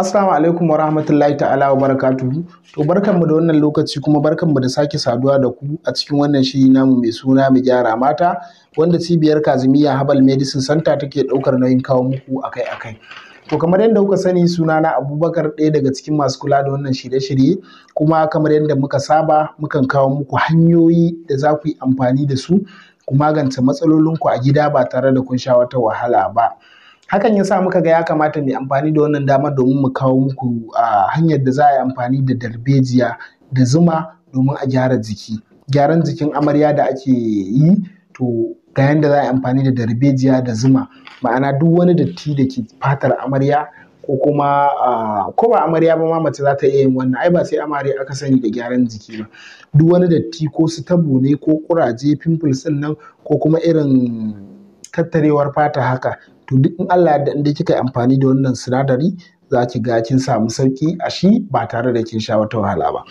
Assalamu alaikum wa rahmatullahi ta'ala wa barakatuhu. To barkanmu da wannan lokaci kuma barkanmu da sake saduwa da ku a cikin wannan shiri namu mai suna mu gyara mata wanda cibiyar Kazimiya Habal Medicine Center take daukar nauyin kawo muku akai-akai. To kamar yadda kuka sani suna na Abubakar ɗaya daga cikin masu kula da wannan shirye-shirye kuma kamar yadda muka saba mukan kawo muku hanyoyi da za ku yi amfani da su ku magance matsalolinku a gida ba tare da kun sha wata wahala ba. hakan yasa muka ga ya kamata mu amfani da wannan dama domin mu kawo muku a hanyar da za a yi amfani da darbejiya da zuma domin a gyara jiki gyaran jikin amarya da ake yi to ga yanda za a yi amfani da darbejiya da zuma ma'ana duk wani datti da ke fatar amarya ko kuma ko ba amarya ba ma mace za ta iya yin wannan ai ba sai amarya aka sani da gyaran jiki ba duk wani datti ko su tabo ne ko kuraje pimples din nan ko kuma irin tattarewar fata haka to duk in Allah yadda in kika yi amfani da wannan sinadari za ki ga kin samu sauki a shi ba tare da kin sha wata wahala ba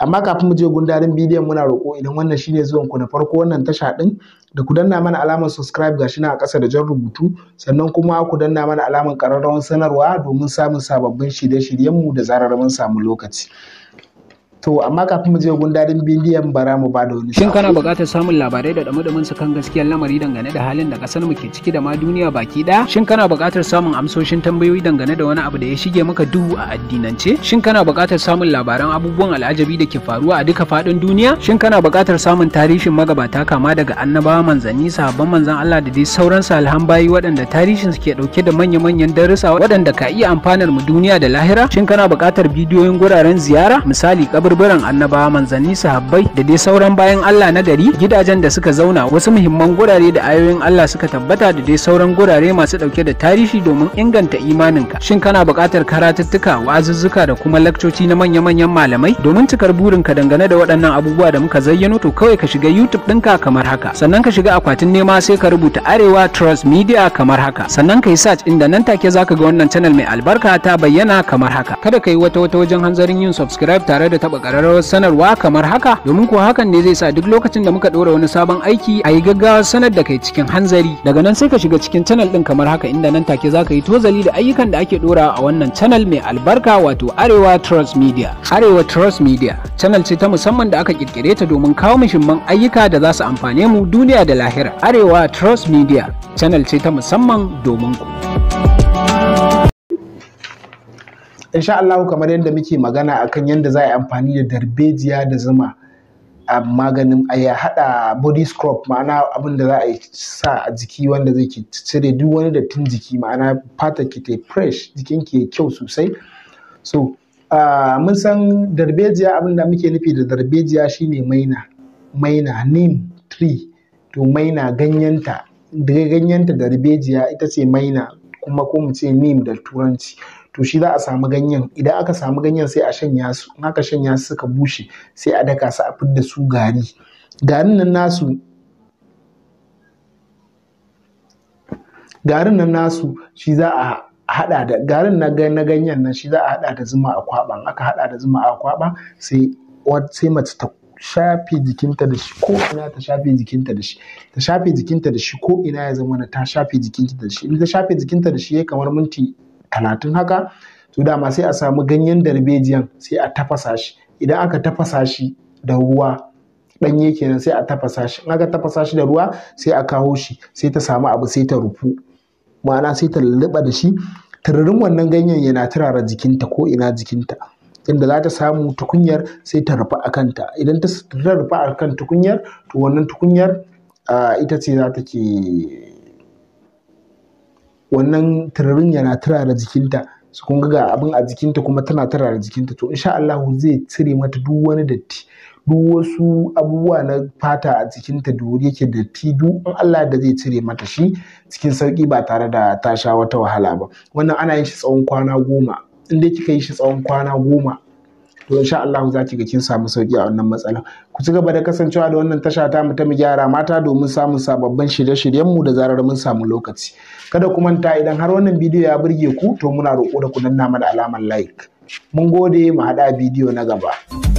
amma kafin mu je gundarin bidiyon muna roƙo idan wannan shine zuwan ku na farko wannan tasha din da ku danna mana alamar subscribe gashi na a ƙasa da jan rubutu sannan kuma ku danna mana alamar ƙararrawar sanarwa domin samun sababbin shirye-shiryen mu da zarar mun samu lokaci To amma kafin mu je gundarin bidiyon bara mu bada wani Shin kana buƙatar samun labarai da dumudumin su kan gaskiyar lamari dangane da halin da ƙasar mu ke ciki da ma duniya baki ɗaya? Shin kana buƙatar samun amsoshin tambayoyi dangane da wani abu da ya shige maka duhu a addinance? Shin kana buƙatar samun labaran abubuwan al'ajabi da ke faruwa a duka fadin duniya? Shin kana buƙatar samun tarihin magabata kama daga annabawa manzanni sahabban manzan Allah da dai sauran su alhan bayi waɗanda tarihin su ke ɗauke da manya-manyan darussa waɗanda ka iya amfanar mu duniya da lahira? Shin kana buƙatar bidiyoyin guraren ziyara misali kabar kaburburan annabawa manzanni sahabbai da dai sauran bayan Allah na gari gidajen da suka zauna wasu muhimman gurare da ayoyin Allah suka tabbata da dai sauran gurare masu dauke da tarihi domin inganta imaninka shin kana buƙatar karatuttuka wa'azuzzuka da kuma lakcoci na manya-manyan malamai domin cikar burinka dangane da waɗannan abubuwa da muka zayyano to kawai ka shiga YouTube ɗinka kamar haka sannan ka shiga akwatin nema sai ka rubuta Arewa Trust Media kamar haka sannan ka yi search inda nan take zaka ga wannan channel mai albarka ta bayyana kamar haka kada ka yi wata wata wajen hanzarin yin subscribe tare da ga kararrawar sanarwa kamar haka domin kuwa hakan ne zai sa duk lokacin da muka ɗora wani sabon aiki a yi gaggawar sanar da kai cikin hanzari daga nan sai ka shiga cikin channel din kamar haka inda nan take za ka yi tozali da ayyukan da ake ɗora a wannan channel mai albarka wato arewa trust media arewa trust media channel ce ta musamman da aka kirkire ta domin kawo mushimman ayyuka da za su amfane mu duniya da lahira arewa trust media channel ce ta musamman domin ku insha Allah kamar yadda muke magana akan yadda za a yi amfani da darbejiya da zuma a maganin a ya hada body scrub ma'ana abin da za a sa a jiki wanda zai ke cire duk wani dattin jiki ma'ana fata ki ta fresh jikin ki kyau sosai so mun san darbejiya abin da muke nufi da darbejiya shine maina maina neem tree to maina ganyenta daga ganyenta darbejiya ita ce maina kuma ko mu ce neem da turanci to shi za a samu ganyen idan aka samu ganyen sai a shanya su in aka shanya su suka bushe sai a daka su a fidda su gari garin nan nasu garin nan nasu shi za a hada da garin na na ganyen nan shi za a hada da zuma a kwaba aka hada da zuma a kwaba sai sai mace ta shafe jikinta da shi ko ina ta shafe jikinta da shi ta shafe jikinta da shi ko ina ya zama ta shafe jikinta da shi in ta shafe jikinta da shi ya kamar minti talatin haka to dama sai a samu ganyen darbejiyan sai a tafasa shi idan aka tafasa shi da ruwa ɗanye kenan sai a tafasa shi in aka tafasa shi da ruwa sai a kawo shi sai ta samu abu sai ta rufu ma'ana sai ta lulluɓa da shi tururin wannan ganyen yana turara jikinta ko ina jikinta inda za ta samu tukunyar sai ta rufa a kanta idan ta rufa a kan tukunyar to wannan tukunyar ah, ita ce za ta ke wannan turarin yana turara jikinta su kun ga abin a jikinta kuma tana turara jikinta to insha Allah zai cire mata duk wani datti duk wasu abubuwa na fata a jikinta da wuri yake datti duk in Allah da zai cire mata shi cikin sauki ba tare da ta sha wata wahala ba wannan ana yin shi tsawon kwana goma in dai kika yi shi tsawon kwana goma to insha Allah za ki ga kin samu sauki a wannan matsalar? ku ci gaba da kasancewa da wannan tasha ta mu ta mu gyara mata domin samun sababbin shirye-shiryen mu da zarar mun samu lokaci kada ku manta idan har wannan bidiyo ya burge ku to muna roƙo da ku danna mana alamar like mun gode mu haɗa bidiyo na gaba